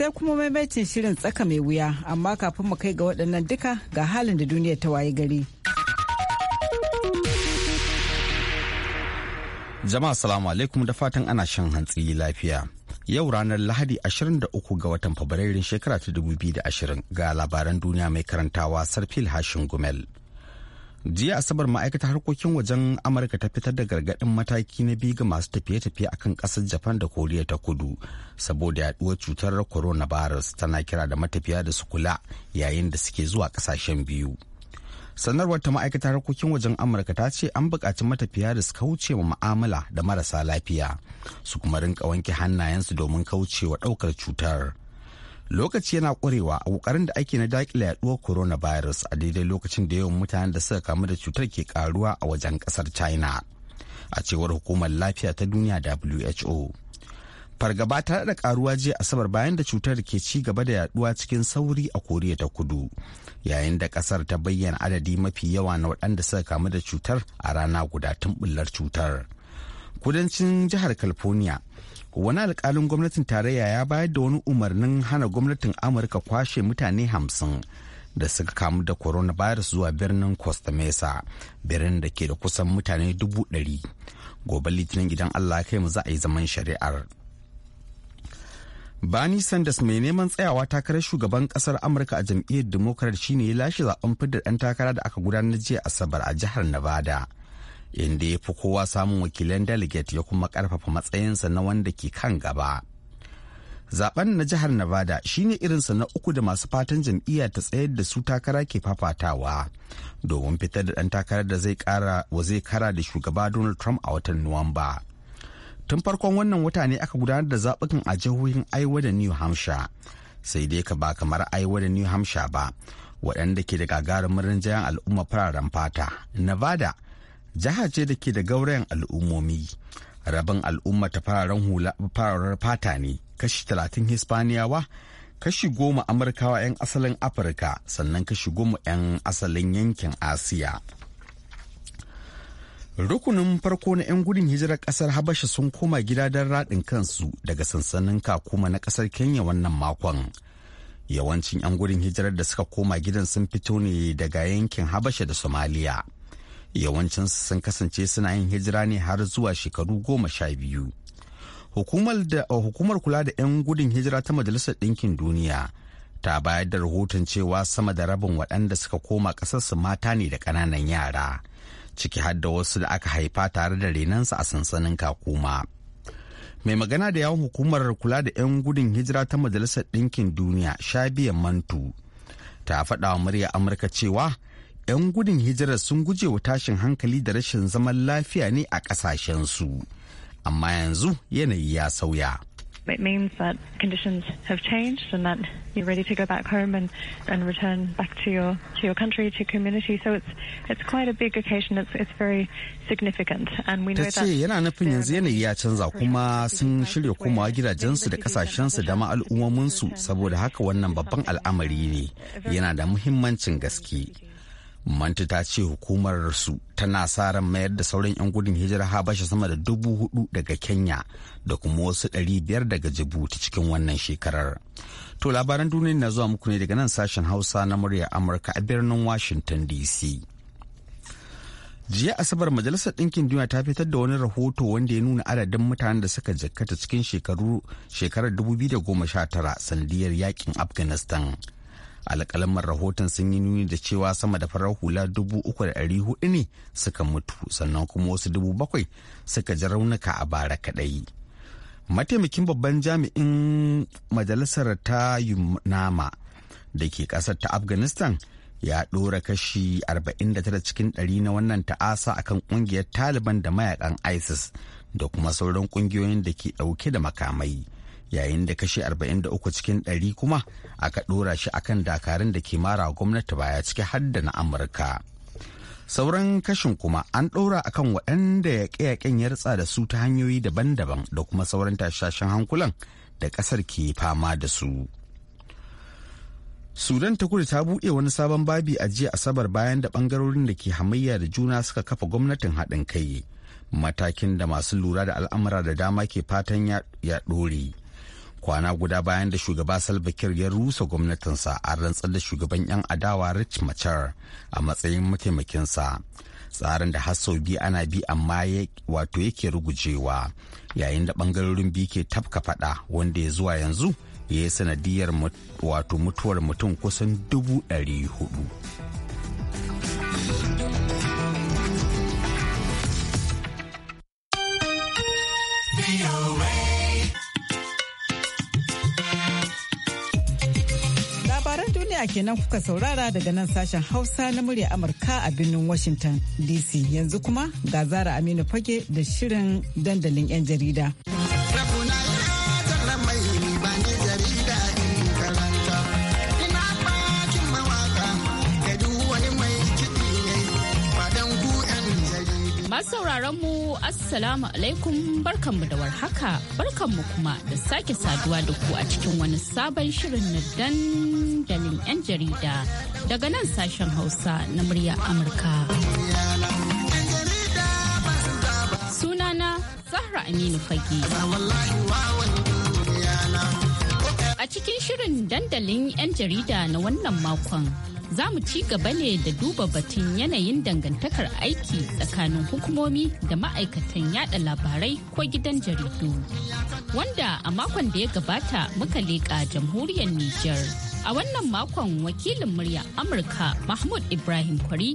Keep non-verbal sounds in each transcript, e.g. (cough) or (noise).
sai kuma maimaitin shirin tsaka mai wuya amma kafin mu kai ga waɗannan duka ga halin da duniya ta waye gari. Jama'a salamu alaikum da fatan ana shan hantsi lafiya. Yau ranar Lahadi 23 ga watan Fabrairun shekara ta 2020 ga labaran duniya mai karantawa Sarfil Hashin Gumel. jiya asabar ma'aikatar harkokin wajen amurka ta fitar da gargaɗin mataki na biyu ga masu tafiye-tafiye a kan ƙasar japan da koriya ta kudu saboda yaduwar cutar coronavirus tana kira da matafiya da su kula yayin da suke zuwa ƙasashen biyu sanarwar ta ma'aikatar harkokin wajen amurka ta ce an buƙaci matafiya da su kauce wa mu'amala da marasa lafiya su kuma rinka wanke hannayensu domin kauce wa ɗaukar cutar lokaci yana ƙwarewa a ƙoƙarin da ake na daƙile yaɗuwar virus a daidai lokacin da yawan mutanen da suka kamu da cutar ke karuwa a wajen ƙasar china a cewar hukumar lafiya ta duniya who fargaba ta da karuwa jiya asabar bayan da cutar ke ci gaba da yaduwa cikin sauri a koriya ta kudu yayin da kasar ta bayyana adadi mafi yawa na waɗanda suka kamu da cutar a rana guda tun bullar cutar kudancin jihar california wani alkalin gwamnatin tarayya ya bayar da wani umarnin hana gwamnatin amurka kwashe mutane hamsin da suka kamu da coronavirus zuwa birnin costa mesa birnin da ke da kusan mutane dubu ɗari gobe litinin idan allah kai mu za a yi zaman shari'ar bani sanders mai neman tsayawa takarar shugaban kasar amurka a jam'iyyar democrat shine ya lashe zaben fidda ɗan takara da aka gudanar jiya asabar a jihar nevada inda ya fi kowa samun wakilan delegate ya kuma karfafa matsayinsa na wanda ke kan gaba zaben na jihar nevada shine irinsa na uku da masu fatan jam'iyya ta tsayar da su takara ke fafatawa domin fitar da ɗan takarar da zai kara wa zai kara da shugaba donald trump a watan nuwamba tun farkon wannan wata ne aka gudanar da zaɓukan a jihohin iowa da new hampshire sai dai ka ba kamar iowa da new hampshire ba waɗanda ke da gagarumin rinjayen al'umma fararen fata nevada jiha ce da ke da gaurayen al'ummomi rabin al'umma ta fararen hula fararen fata ne kashi talatin hispaniyawa kashi goma amurkawa 'yan asalin afirka sannan kashi goma 'yan asalin yankin asiya rukunin farko na 'yan gudun hijirar kasar habasha sun koma gida don raɗin kansu daga sansanin kakuma na kasar kenya wannan makon yawancin 'yan gudun hijirar da suka koma gidan sun fito ne daga yankin habasha da somaliya yawancinsu sun kasance suna yin hijira ne har zuwa shekaru goma sha biyu eh, hukumar kula da 'yan gudun hijira ta majalisar ɗinkin duniya ta bayar da rahoton cewa sama da rabin waɗanda suka koma ƙasarsu mata ne da ƙananan yara ciki har da wasu da aka haifa tare da renansa a sansanin kakuma mai magana da yawon hukumar kula da 'yan gudun hijira ta majalisar ɗinkin duniya shabiyan mantu ta faɗawa wa murya amurka cewa 'yan gudun hijirar sun guje wa tashin hankali da rashin zaman lafiya ne a ƙasashensu amma yanzu yanayi ya sauya It means that conditions have changed and that you're ready to go back home and, and return back to your to your country, to your community. So it's it's quite a big occasion. It's it's very significant and we know Tace yana nufin yanzu yanayi ya canza kuma sun shirya komawa gidajensu da kasashensu da ma su saboda haka wannan babban al'amari ne yana da muhimmancin gaske. Manta ta ce hukumar tana sa ran mayar da sauran 'yan gudun hijira Habasha sama da dubu hudu daga Kenya da kuma wasu ɗari biyar daga Jibuti cikin wannan shekarar. To labaran duniya na zuwa muku ne daga nan sashen Hausa na muryar Amurka a birnin Washington DC. jiya asabar majalisar ɗinkin duniya ta fitar da wani rahoto wanda ya nuna adadin mutanen da suka jikkata cikin shekaru shekarar 2019 sanadiyar yakin afghanistan alƙalamar rahoton sun yi nuni da cewa sama da farar hula dubu uku da ɗari hudu ne suka mutu sannan kuma wasu dubu bakwai suka ji raunuka a bara kaɗai mataimakin babban jami'in majalisar ta yunama da ke ƙasar ta afghanistan ya ɗora kashi 49 cikin ɗari na wannan ta'asa akan ƙungiyar taliban da mayakan isis da kuma sauran ƙungiyoyin da ke ɗauke da makamai. yayin da kashi 43 cikin 100 kuma aka ɗora shi akan dakarun da ke mara gwamnati baya ciki har da na amurka sauran kashin kuma an ɗora akan waɗanda yaƙe-yaƙen ya ritsa da su ta hanyoyi daban-daban da kuma sauran tashashen hankulan da ƙasar ke fama da su sudan ta kudu ta buɗe wani sabon babi a jiya asabar bayan da ɓangarorin da ke hamayya da juna suka kafa gwamnatin haɗin kai matakin da masu lura da al'amura da dama ke fatan ya ɗore kwana guda bayan da shugaba Salva Kiir ya rusa gwamnatinsa a rantsar da shugaban 'yan adawa Rich Machar a matsayin mataimakinsa. Tsarin da har sau biyu ana bi amma wato yake rugujewa yayin da bangarorin biyu ke tafka fada wanda ya zuwa yanzu ya yi sanadiyar wato mutuwar mutum kusan dubu ɗari hudu. duniya kenan kuka saurara daga nan sashen Hausa na murya Amurka a birnin Washington DC. Yanzu kuma ga Zara Aminu Fage da shirin dandalin 'yan jarida. Masu sauraron mu Assalamu alaikum barkanmu da warhaka barkanmu kuma da sake saduwa da ku a cikin wani sabon shirin na dandalin 'yan jarida daga nan sashen Hausa na murya Amurka. Sunana Zahra Aminu Fage. A cikin shirin dandalin 'yan jarida na wannan makon. za mu ci gaba ne da duba batun yanayin dangantakar aiki tsakanin hukumomi da ma'aikatan yada labarai ko gidan jaridu wanda a makon da ya gabata muka leƙa jamhuriyar Nijar. A wannan makon wakilin murya Amurka Mahmud Ibrahim Kwari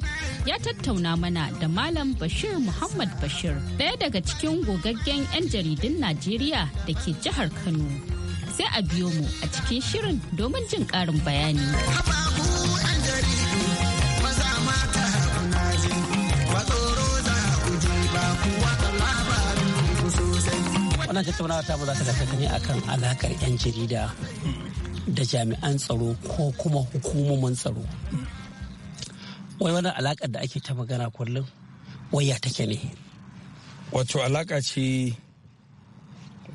ya tattauna mana da Malam Bashir Muhammad Bashir, ɗaya daga cikin gogaggen 'yan jaridun Najeriya da ke jihar Kano. sai a biyo mu a cikin shirin domin jin karin bayani. wannan tattaunawa ta mu za ta tafi ne akan alakar 'yan jarida da jami'an tsaro ko kuma hukumomin tsaro wai wannan alakar da ake ta magana kullum waya take ne wato alaka ce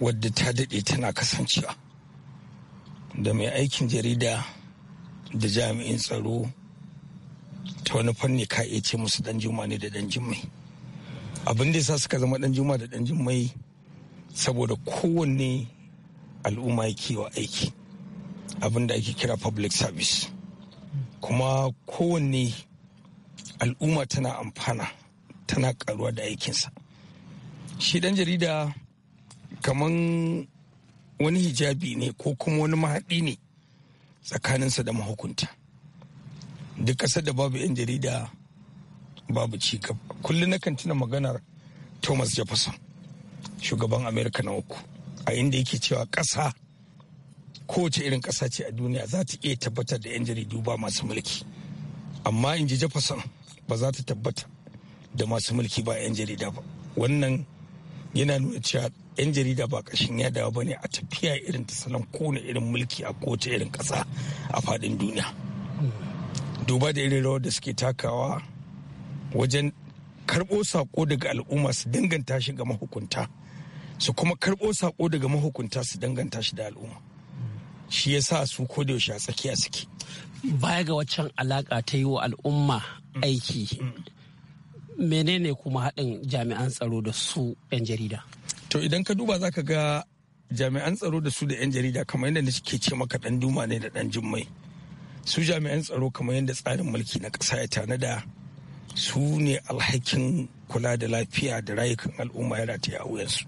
wadda ta daɗe tana kasancewa da mai aikin jarida da jami'in tsaro ta wani fanni ka iya ce musu dan juma ne da dan jimai abin da sa suka zama dan juma da dan jimai saboda kowanne al'umma ya wa aiki abin da ake kira public service kuma kowanne al'umma tana amfana tana karuwa da aikinsa shi dan jarida kaman wani hijabi ne ko kuma wani mahaɗi ne tsakaninsa da mahukunta duk ƙasar da babu 'yan jarida babu cikab kullum na kan tuna maganar thomas jefferson shugaban amerika na uku a inda yake cewa ƙasa kowace irin ƙasa ce a duniya za ta iya tabbatar da 'yan jaridu ba masu mulki amma in ji jefferson ba za ta tabbata da masu mulki ba 'yan jarida ba wannan yana nuna cewa 'yan jarida ba kashin ya dawo ba ne a tafiya irin ta salon kone irin mulki a kowace irin ƙasa a faɗin duniya duba da irin rawar da suke takawa wajen karɓo saƙo daga al'umma su danganta shi ga mahukunta su kuma karɓo saƙo daga mahukunta su danganta shi da al'umma shi ya sa su ko da yaushe a tsakiya suke baya ga waccan alaƙa ta yi wa al'umma mm. aiki mm. menene kuma haɗin jami'an tsaro da su 'yan jarida to idan ka duba zaka ga jami'an tsaro da su da 'yan jarida kamar yadda ke ce maka dan duma ne da dan jummai su jami'an tsaro kamar yadda tsarin mulki na ƙasa ya tanada su ne alhakin kula da lafiya da rayukan al'umma ya rataya a wuyansu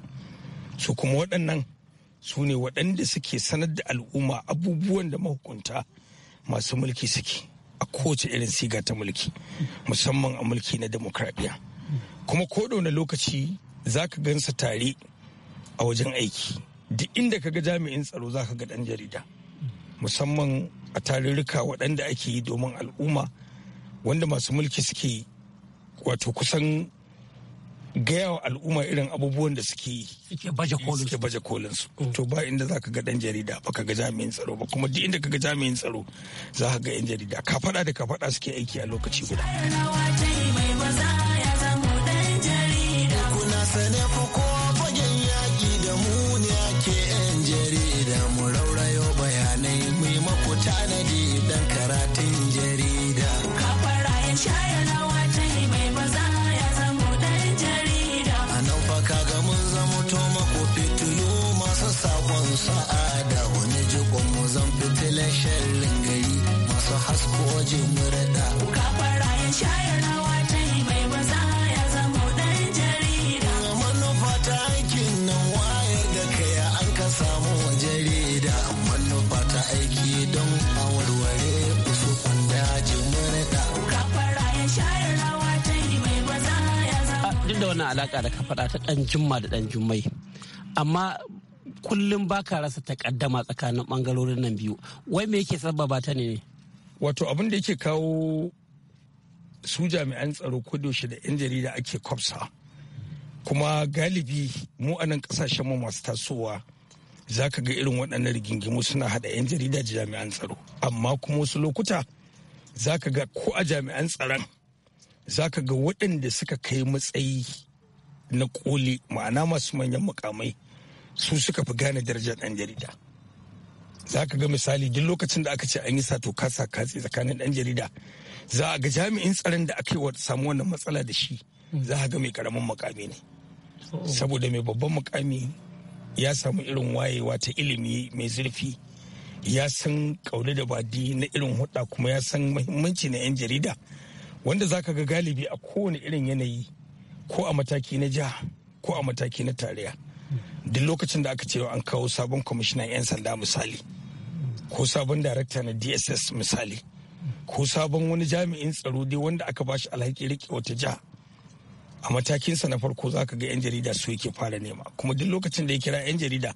su kuma waɗannan su ne waɗanda suke sanar da al'umma abubuwan da mahukunta masu mulki suke a kowace irin siga ta mulki musamman a mulki na demokradiyya kuma ko lokaci za ka gansa tare a wajen aiki duk inda kaga jami'in tsaro za ka ga ɗan jarida musamman a tarurruka waɗanda ake yi domin al'umma wanda masu mulki suke wato kusan gaya wa al'umma irin abubuwan da suke yi suke baje kolinsu mm. to ba inda za ka ga ɗan jarida ba ka ga jami'in tsaro ba kuma duk inda ka ga jami'in tsaro za ka ga 'yan jarida ka faɗa da ka faɗa suke aiki a lokaci guda. alaka da kafada ta ɗan jimma da ɗan jummai amma kullum baka rasa takaddama tsakanin bangarorin nan biyu wai me yake sababa ta ne wato abin da yake kawo su jami'an tsaro shi da 'yan jarida ake kwafsa kuma galibi mu a kasashen mu masu tasowa za ka ga irin waɗannan rigingimu suna haɗa 'yan jarida da jami'an tsaro amma kuma wasu lokuta za ka ga ko a jami'an tsaron za ka ga waɗanda suka kai matsayi na koli ma'ana masu manyan mukamai su suka fi gane darajar ɗan jarida za ka ga misali duk lokacin da aka ce an yi sato kasa katse tsakanin ɗan jarida za a ga jami'in tsaron da aka yi wa samu wannan matsala da shi za a ga mai karamin mukami ne saboda mai babban mukami ya samu irin wayewa ta ilimi mai zurfi ya san kaule da badi na irin hudda kuma ya san muhimmanci na 'yan jarida wanda za ga galibi a kowane irin yanayi ko a mataki na jiha ko a mataki na tariya duk lokacin da aka cewa an kawo sabon kwamishinan 'yan sanda misali ko sabon darakta na dss misali ko sabon wani jami'in tsaro dai wanda aka bashi alhaki rike wata jiha a matakinsa na farko za ka ga 'yan jarida su yake fara nema kuma duk lokacin da ya kira 'yan jarida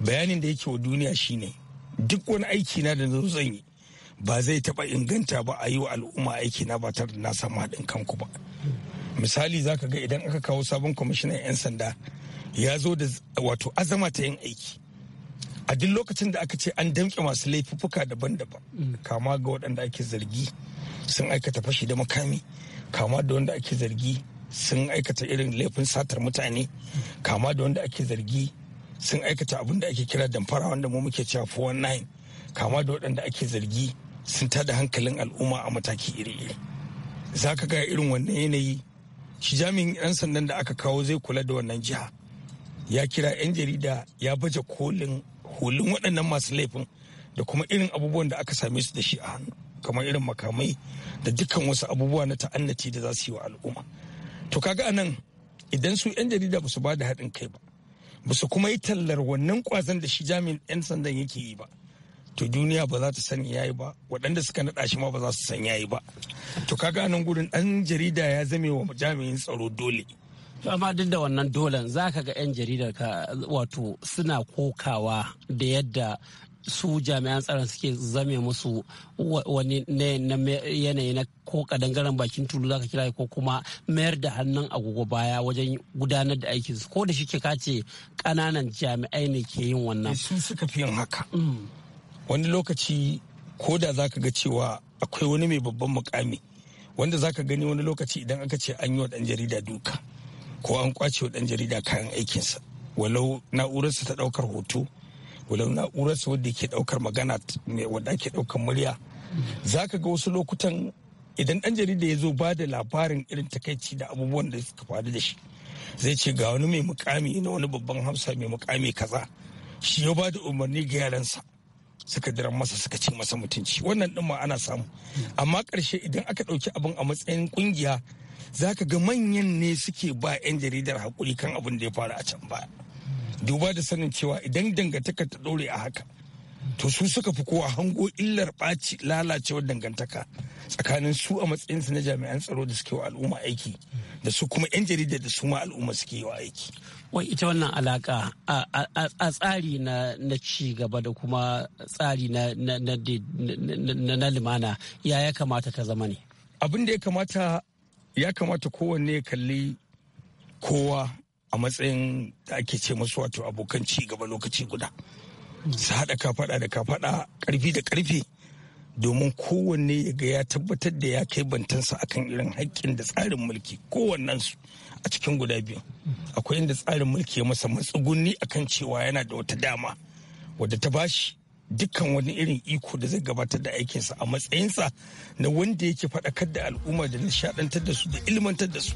bayanin da yake wa duniya shine duk wani aiki na da na zan yi ba zai taba inganta ba a yi wa al'umma aiki na ba tare da na samu haɗin kanku ba misali zaka ga idan aka kawo sabon kwamishinan 'yan sanda ya zo da wato azama ta yin aiki a duk lokacin da aka ce an damke masu laifuka daban-daban kama ga waɗanda ake zargi sun aikata fashi da makami kama da wanda ake zargi sun aikata irin laifin satar mutane kama da wanda ake zargi sun aikata abin da ake kira damfara wanda mu muke cewa 419 kama da waɗanda ake zargi sun tada hankalin al'umma a mataki iri-iri za ka ga irin wannan yanayi shi jami'in 'yan sandan da aka kawo zai kula da wannan jiha ya kira 'yan jarida ya baje kolin hulun waɗannan masu laifin da kuma irin abubuwan da aka same su da shi a hannu kamar irin makamai da dukkan wasu abubuwa na ta'annati da za su yi wa al'umma to kaga nan idan su 'yan jarida ba su ba da haɗin kai ba ba su kuma yi tallar wannan kwazan da shi jami'in 'yan sandan yake yi ba to duniya ba za ta sani yayi ba waɗanda suka naɗa shi ma ba za su san yayi ba to kaga nan gurin ɗan jarida ya zame wa jami'in tsaro dole to amma duk da wannan dolan za ka ga 'yan jaridar ka wato suna kokawa da yadda su jami'an tsaron suke zame musu wani yanayi na ko kadangaren bakin tulu zaka kira ko kuma mayar da hannun agogo baya wajen gudanar da aikinsu ko da shi ka kace kananan jami'ai ne ke yin wannan eh, su suka fi yin haka mm. wani lokaci ko da za ka ga cewa akwai wani mai babban mukami wanda za ka gani wani lokaci idan aka ce an yi wa dan jarida duka ko an kwace wa dan jarida kayan aikinsa walau na'urarsa ta ɗaukar hoto walau na'urarsa wadda ke daukar magana wadda ke ɗaukar murya za ka ga wasu lokutan idan dan jarida ya zo ba da labarin irin takaici da abubuwan da suka faru da shi zai ce ga wani mai mukami na wani babban hamsa mai mukami kaza shi ya ba da umarni ga yaransa suka dira masa suka ci masa mutunci wannan din ma ana samu amma ƙarshe idan aka ɗauki abin a matsayin ƙungiya za ka ga manyan ne suke ba 'yan jaridar hakuri kan abin da ya faru a can baya duba da sanin cewa idan dangantaka ta ɗore a haka to su suka fi kowa hango illar ɓaci lalacewar dangantaka tsakanin su a matsayinsu na jami'an tsaro da suke wa al'umma aiki da su kuma 'yan jarida da su ma al'umma suke wa aiki wai ita wannan alaka a tsari na ci gaba da kuma tsari na limana ya ya kamata ta zama ne abin da ya kamata ya kamata kowanne ya kalli kowa a matsayin da ake ce masu wato abokan ci gaba lokaci guda su haɗa kafaɗa da kafaɗa ƙarfi da ƙarfi domin kowanne ya ga ya tabbatar da ya kai bantansa akan irin haƙƙin da tsarin mulki kowannensu a cikin guda biyu akwai inda tsarin mulki ya masa matsugunni akan cewa yana da wata dama wadda ta bashi dukkan wani irin iko da zai gabatar da aikinsa a matsayinsa na wanda yake faɗakar da al'umma da nishaɗantar da su da ilmantar da su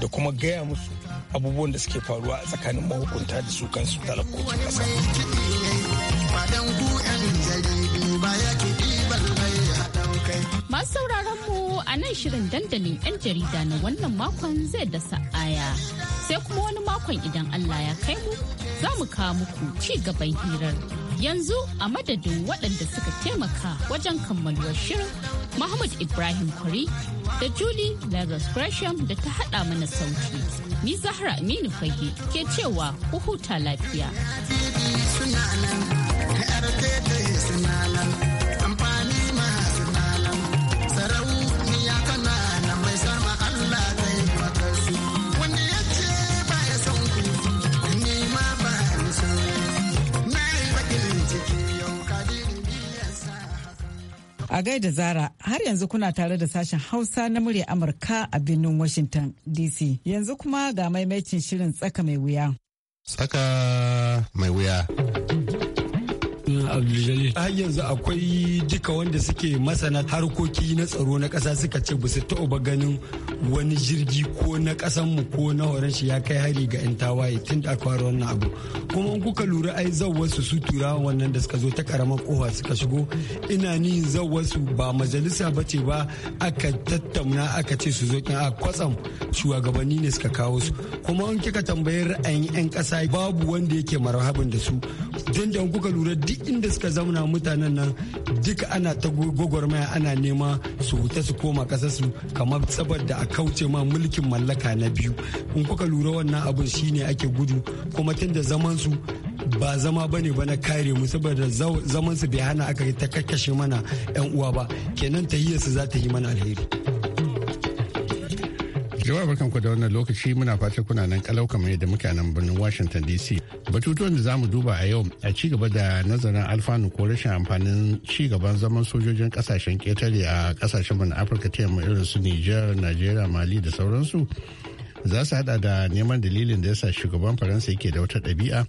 da kuma gaya musu abubuwan da suke faruwa a tsakanin mahukunta da su kansu talakocin ƙasa. Masu sauraron a nan shirin dandalin 'yan jarida na wannan makon zai dasa aya Sai kuma wani makon idan Allah ya kai mu za mu kawo muku ci gaban hirar. Yanzu a madadin waɗanda suka taimaka wajen kammaluwar shirin Muhammad Ibrahim Kwari da Julie Lagos Gresham da ta haɗa mana sauti. Ni Zahra Aminu Fage ke cewa ku huta lafiya. Suna A gaida Zara har yanzu kuna tare da sashen Hausa na murya Amurka a birnin Washington DC. Yanzu kuma ga maimaicin shirin tsaka mai wuya. Tsaka mai wuya. abdul har yanzu akwai duka wanda suke masana harkoki na tsaro na kasa suka ce ba su taɓa ganin wani jirgi ko na ƙasan mu ko na horon shi ya kai hari ga yan tawaye tun da aka wannan abu kuma in kuka lura ai wasu su turawan wannan da suka zo ta karamar kofa suka shigo ina ni wasu ba majalisa ba ce ba aka tattauna aka ce su zo a kwatsam shugabanni ne suka kawo su kuma in kika tambayi ra'ayin yan ƙasa babu wanda yake marhabin da su dan da kuka lura duk inda inda suka zauna mutanen nan duka ana ta gwagwarmaya ana nema su huta su koma kasa su kamar tsabar da a kauce ma mulkin mallaka na biyu in kuka lura wannan abin shine ake gudu kuma tunda zaman su ba zama ba ne ba na kare mu saboda zaman su bai hana aka ta kakkashe mana yan uwa ba kenan su za ta yi mana alheri. Jama'a barkanku da wannan lokaci muna fata kuna nan kalau kamar yadda muke nan birnin Washington DC. Batutuwan da zamu duba a yau a ci gaba da nazarin alfanu ko rashin amfanin ci gaban zaman sojojin kasashen ketare a kasashen mu na Afirka ta yamma irin su Niger, nigeria Mali da sauransu. Za su hada da neman dalilin da yasa shugaban Faransa yake da wata ɗabi'a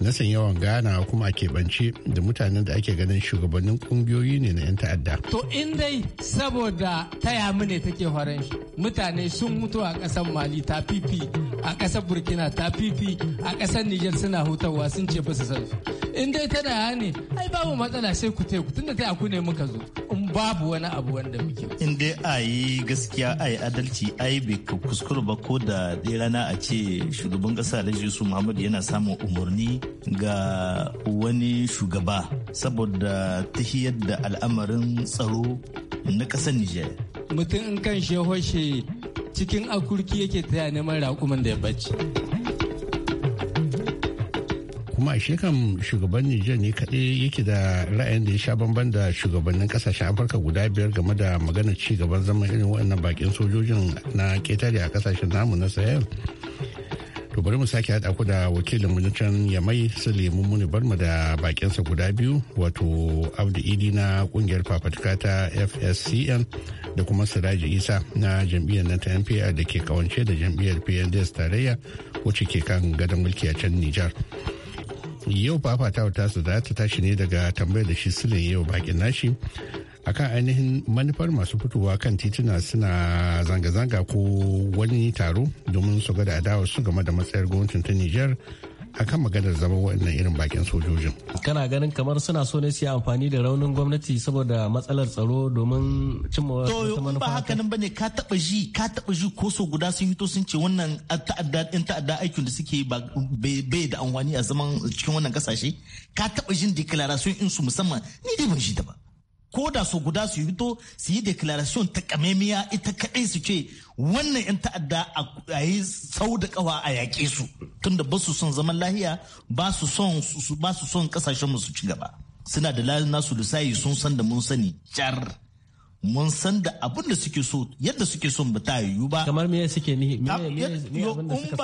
na san yawan gana kuma a bance da mutanen da ake ganin shugabannin ƙungiyoyi ne na 'yan ta'adda. To in dai saboda taya mune take horon shi mutane sun mutu a kasar Mali ta fifi a kasar Burkina ta fifi a kasar Nijar suna hutawa sun ce ba su In dai ta da ne ai babu matsala sai ku te ku tunda ta ku ne muka zo. in babu wani abu wanda muke in dai a yi gaskiya a yi adalci a yi bai kuskure ba ko da dai rana a ce shugaban kasa da Jesu muhammadu yana samun umarni ga wani shugaba saboda tahiyar da al'amarin tsaro na kasar nijar mutum in kan shehoshe cikin akurki yake taya neman raƙuman da ya bacci. kuma a shekan shugaban nijar ne kaɗai yake da ra'ayin da ya sha bamban da shugabannin kasashen afirka guda biyar game da magana ci gaban zaman irin waɗannan bakin sojojin na ketare a kasashen namu na sahel to bari mu sake haɗa ku da wakilin mu yamai su lemu muni barma da bakinsa guda biyu wato abdu idi na kungiyar fafatuka ta fscn da kuma siraji isa na jam'iyyar na ta npr da ke kawance da jam'iyyar pnds tarayya wacce ke kan gadon mulki a can nijar yau fafatawa tasu za ta tashi ne daga tambayar da shi sule yau bakin nashi akan ainihin manufar masu fitowa kan tituna suna zanga-zanga ko wani taro domin su ga da adawa su game da matsayar gwamnatin ta Nijar akan maganar zama wannan irin bakin sojojin kana ganin kamar suna so ne su yi amfani da raunin gwamnati saboda matsalar tsaro domin cimma wata manufa ba haka nan bane ka taba ji ka taba ji ko so guda sun to sun ce wannan ta'adda in ta'adda aikin da suke bai da amfani a zaman cikin wannan kasashe ka taba jin declaration in su musamman ni dai ban ji da ba ko da su guda su yi to su yi declaration ta kamemiya ita kaɗai su ce wannan 'yan ta'adda a yi sau da kawa a yaƙe su tunda ba su son zaman lahiya ba su son ba su son kasashen mu su ci gaba suna da layin nasu lissayi sun san da mun sani jar mun san da abin da suke so yadda suke son ba ta yiwu ba kamar me suke ni in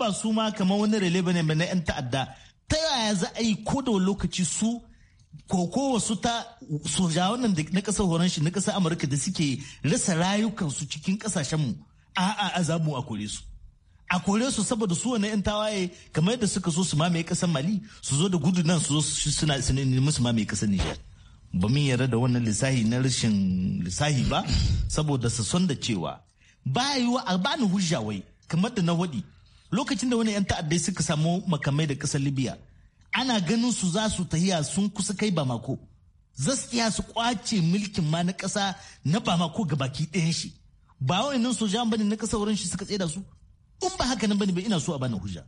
ba su ma kamar wani rele bane na yan ta'adda ta yaya za a yi ko da lokaci su koko wasu ta sojawan nan na kasar horon shi na kasar amurka da suke rasa rayukansu cikin kasashenmu a'a a zamu a kore su a kore su saboda su wani 'yan tawaye kamar yadda suka so su mamaye kasar mali su zo da gudu nan su zo suna sinin su mamaye kasar nijar ba min yarda da wannan lissahi na rashin lissahi ba saboda su son da cewa ba yiwa a bani hujja wai kamar da na waɗi lokacin da wani 'yan ta'addai suka samu makamai da kasar libya ana ganin su za su tahiya sun kusa kai bamako zaskiya su kwace mulkin ma na ƙasa na bamako ga baki ɗayan shi ba wani nan sojan bane na ƙasa wurin shi suka tsaye da su in ba haka nan bane ina so a bani hujja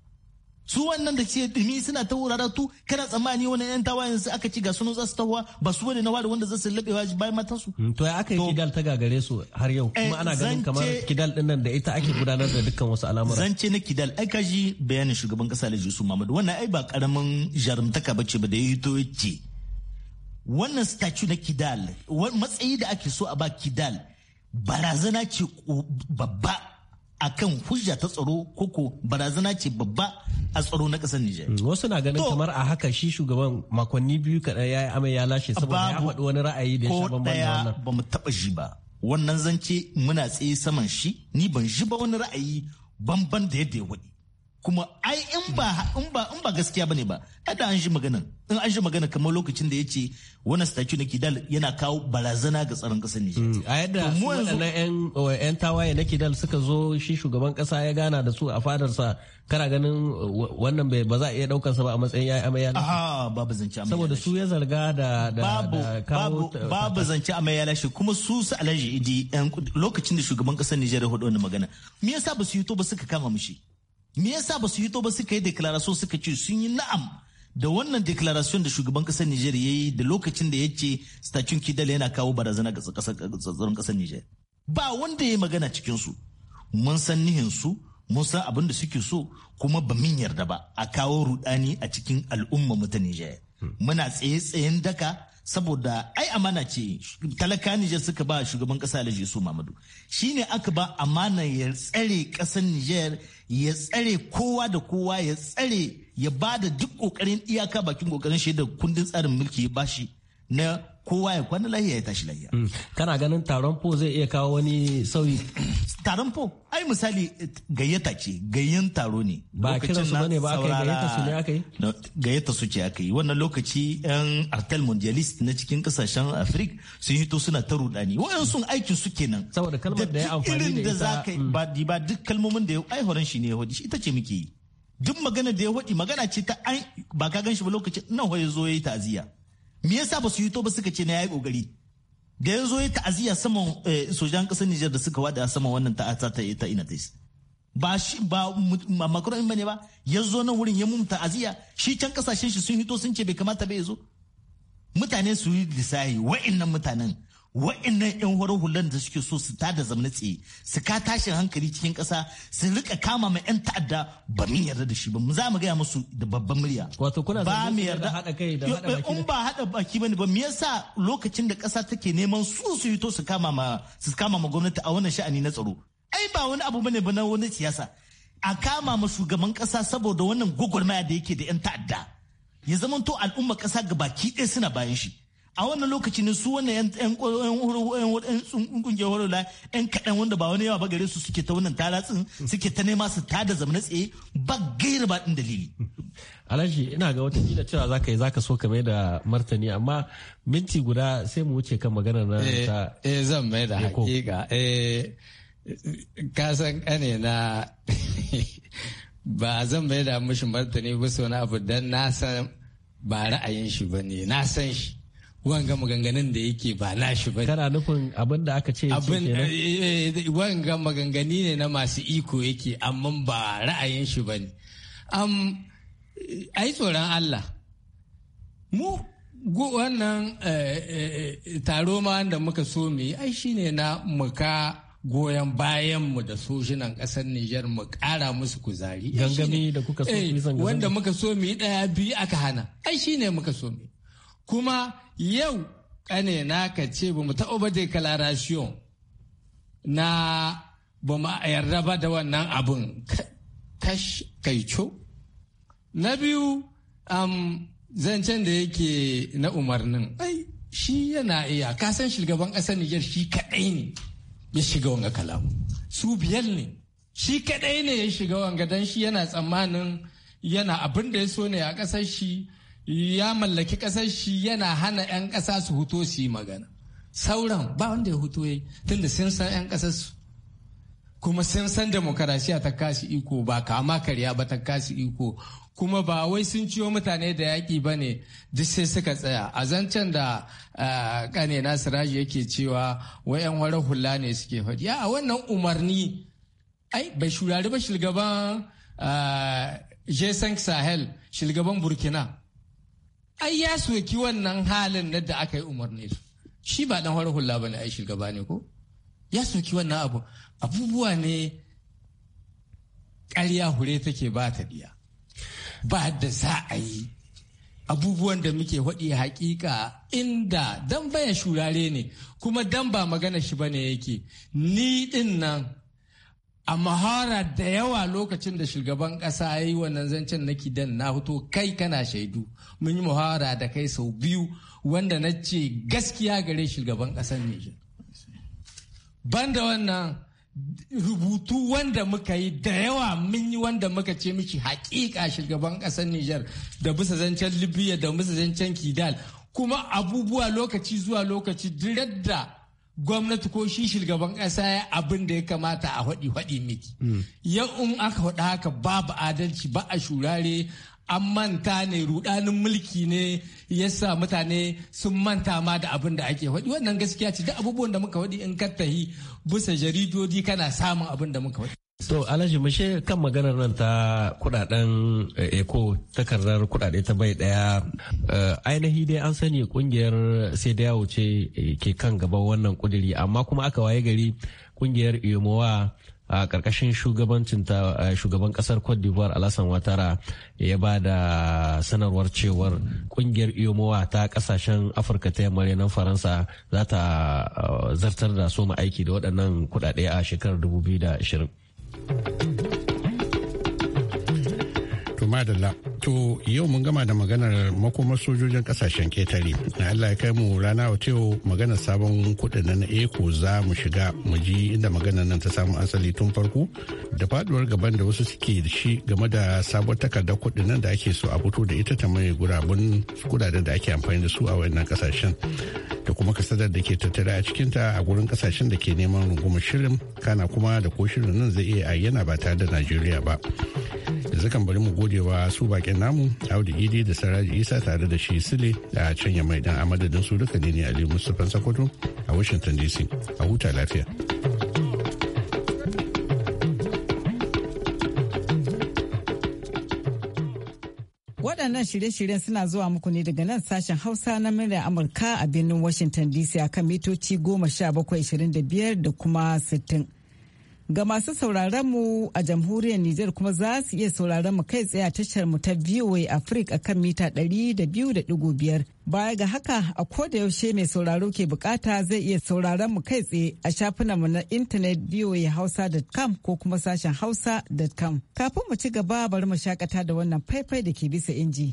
su wannan da ce dumi suna ta wurare tu kana tsammani wani yan tawa yanzu aka ci ga sunan zasu tawa ba su wani na ware wanda zasu waji bayan matan su mm, to ya aka yi kidal ta gagare su har yau kuma eh, ana ganin kamar kidal din nan da ita ake gudanar da dukkan wasu al'amura zance na kidal ai kaji bayanin shugaban kasa Alhaji Yusuf Muhammad wannan ai ba karamin jarumtaka bace ba da yi to yace wannan statue na kidal matsayi da ake so a ba kidal barazana ce babba akan hujja ta tsaro koko barazana ce babba a tsaro na kasar Nijar. Mm, wasu na ganin kamar a haka shi shugaban makonni biyu kaɗai ya yi amai ya lashe saboda ya faɗi wani ra'ayi da ya sha bambam da wannan. ba mu taɓa shi ba. Wannan zance muna tsaye saman shi ni ban shi ba wani ra'ayi bamban da yadda ya waɗi. kuma ai in ba in ba in ba gaskiya bane ba kada an ji maganan in an ji magana kamar lokacin da yace wannan statue na Kidal yana kawo barazana ga tsaron kasar Niger hmm, a yadda wannan yan yan tawaye na Kidal suka zo shi shugaban kasa ya gana da su a fadar sa kana ganin wannan bai ba za a iya daukar sa ba a matsayin yayi amaya a babu zance amaya saboda su ya zarga da babu babu babu zance amaya shi kuma su su alaji idi lokacin da shugaban kasar Niger ya hudu wannan magana me yasa ba su yi to ba suka kama mishi me yasa ba su hito ba suka yi declaration suka ce sun yi na'am da wannan declaration da shugaban kasar Nijar ya yi da lokacin da ya ce statun kidal yana kawo barazana ga tsatsarin kasar Nijar. Ba wanda ya yi magana cikinsu. Mun san nihinsu, mun san abin da suke so, kuma ba min yarda ba a kawo rudani a cikin al'umma mu ta Nijar. Hmm. Muna tsaye tsayen daka saboda ai amana ce talaka Nijar suka ba shugaban kasa Alhaji Isu Mamadu shine aka ba amana ya tsare kasar Nijar ya tsare kowa da kowa ya tsare ya ba da duk kokarin iyaka bakin kokarin shi da kundin tsarin mulki ya bashi na kowa ya kwana lahiya ya tashi lahiya. Mm. Kana ganin taron po zai iya kawo wani sauyi? (clears throat) Taron po, ai misali gayyata ce, gayyan taro ne. Ba kiran su bane ba aka yi gayyata su ne aka yi? Gayyata su ce aka yi. Wannan lokaci yan artel mondialist na cikin kasashen Afrik sun hito suna ta rudani. Wa'yan sun aikin su kenan. Saboda kalmar da ya amfani da ita. Mm. Ba ba duk kalmomin da ya horon shi ne ya shi ita ce muke yi. Duk magana da ya hodi magana ce ta ai. ba ka gan shi ba lokacin nan ya zo ya yi ta'aziyya. me yasa ba su yi to ba suka ce na yayi kokari da ya zo ya ta'aziyya saman eh, sojan kasar Nijar da suka wada saman wannan ta'ata ta ta ba shi ba makaron bane ba ya zo nan wurin ya mumta ta'aziyya shi can kasashen shi sun hito sun ce bai kamata ba ya zo mutane su yi lissahi wa'annan mutanen wa'annan 'yan horar hulan da suke so su tada zamna tsaye su ka tashin hankali cikin ƙasa su rika kama ma 'yan ta'adda ba mu yarda da shi ba mu za mu gaya musu da babban murya wato kuna ba mu yarda hada kai da hada baki in ba hada baki bane ba me yasa lokacin da ƙasa take neman su su to su kama ma su kama ma gwamnati a wannan sha'ani na tsaro ai ba wani abu bane ba na wani siyasa a kama ma shugaban ƙasa saboda wannan gwagwarmaya da yake da 'yan ta'adda ya zamanto al'umma ƙasa ga baki ɗaya suna bayan shi a wannan lokaci ne su wani yan kungiyar horola yan kaɗan wanda ba wani yawa ba gare su suke ta wannan talatsin suke ta nema su da zamana tsaye ba gaira ba ɗin dalili. Alhaji ina ga wata kila cewa zaka yi zaka so ka mai da martani amma minti guda sai mu wuce kan magana na eh, ta. Eh zan mai da hakika eh san kane na (laughs) ba zan mai da mishi martani ba so na abu dan na san ba ra'ayin shi ba ne na san shi wanga maganganun da yake ba nashi ba kana nufin abin da aka ce eh, eh, wanga magangani ne na masu iko yake amma ba ra'ayin shi ba ne Ai a yi tsoron allah mu wannan eh, taro ma da muka so mu yi ai shine na muka goyon bayan mu da sojinan kasar Nijar mu kara musu kuzari. Gangami da kuka so mu zanga Wanda muka so mu yi ɗaya biyu aka hana. Ai shi ne muka so mu kuma yau kane na ka ce ba mu taɓa ba declaration na ba mu yarda ba da wannan abin kash kaico na biyu um, zancen da yake na umarnin ai shi yana iya kasan shugaban ƙasar Nijar shi kaɗai ne ya shiga wanga kalamu su biyar ne shi kaɗai ne ya shiga wanga don shi yana tsammanin yana abin da ya so ne a ƙasar shi ya mallaki ƙasar shi yana hana 'yan ƙasa su huto su yi magana sauran ba wanda ya huto yayi tunda sun san 'yan ƙasar su kuma sun san demokarasiya ta kashi iko ba kama karya ba ta kashi iko kuma ba wai sun ciyo mutane da yaƙi ba ne duk sai suka tsaya a zancen da ƙane na siraji yake cewa wai 'yan wara hula ne suke faɗi a wannan umarni ai bai shurari ba shugaban jesan sahel shugaban burkina ai ya soki wannan halin na da aka yi umarni su shi ba dan hore hulla bane ai shugaba ne ko ya soki wannan abu abubuwa ne ƙarya hure take ba ta diya ba da za a yi abubuwan da muke faɗi hakika inda dan baya shurare ne kuma dan ba magana shi bane yake ni din nan a mahara da yawa lokacin da shugaban ƙasa ya yi wannan zancen na kidan na hoto kai kana shaidu mun yi mahara da kai sau biyu wanda na ce gaskiya gare shugaban kasar nijar banda wannan rubutu wanda muka yi da yawa mun yi wanda muka ce miki haƙiƙa shugaban kasar nijar da bisa zancen libya da bisa zancen kidal kuma abubuwa lokaci zuwa lokaci da gwamnati ko shi shugaban kasa ya abin da ya kamata a haɗi haɗi miki mm. yau in aka haɗa haka babu adalci ba a shurare an manta ne rudanin mulki ne ya sa mutane sun manta ma da abin da ake haɗi wannan gaskiya ce duk abubuwan da muka haɗi in ka tahi bisa jaridodi kana samun abin da muka faɗi so Alhaji mashe kan maganar nan ta kudaden eko eh, takardar kudade ta bai daya eh, ainihi dai an sani kungiyar sai da yawo ce eh, ke kan gaban wannan kudiri amma kuma aka waye gari kungiyar Iyomowa a karkashin shugabancin ta shugaban kasar Cote d'Ivoire Alassane Ouattara ya ba da sanarwar cewar kungiyar Iyomowa ta kasashen Afirka ta yamma nan Faransa za ta zartar da soma aiki da waɗannan kudade a shekarar 2020. To madalla. To yau mun gama da maganar makomar sojojin kasashen ketare. Na Allah ya kai mu rana wa yau maganar sabon kuɗin na eko za mu shiga mu ji inda maganar nan ta samu asali tun farko da faduwar gaban da wasu suke da shi game da sabon takardar kuɗin nan da ake so a fito da ita ta mai gurabun kudaden da ake amfani da su a wannan kasashen. Da kuma kasadar da ke tattare a cikin ta a gurin kasashen da ke neman rungumar shirin kana kuma da ko shirin nan zai iya ayyana ba tare da Najeriya ba. Yanzu kan bari mu gode wa su bakin bakin namu Audu Idi da Saraji Isa tare da shi Sile da can ya mai dan amadadin su duka ne ne Ali Mustapha Sokoto a Washington DC. A huta lafiya. waɗannan shirye-shiryen suna zuwa muku ne daga nan sashen hausa na murya amurka a birnin washington dc a kan mitoci 25 da kuma 60 Ga masu sauraron mu a jamhuriyar Nijar kuma za su iya sauraron mu kai tsaye a tashar mu ta VOA Africa akan mita 200.5. Baya ga haka a koda yaushe mai sauraro ke bukata zai iya sauraron mu kai tsaye a shafinan mu na intanet voahausa.com ko kuma sashen hausa.com. Kafin mu ci gaba bari mu shakata da wannan faifai da ke bisa inji.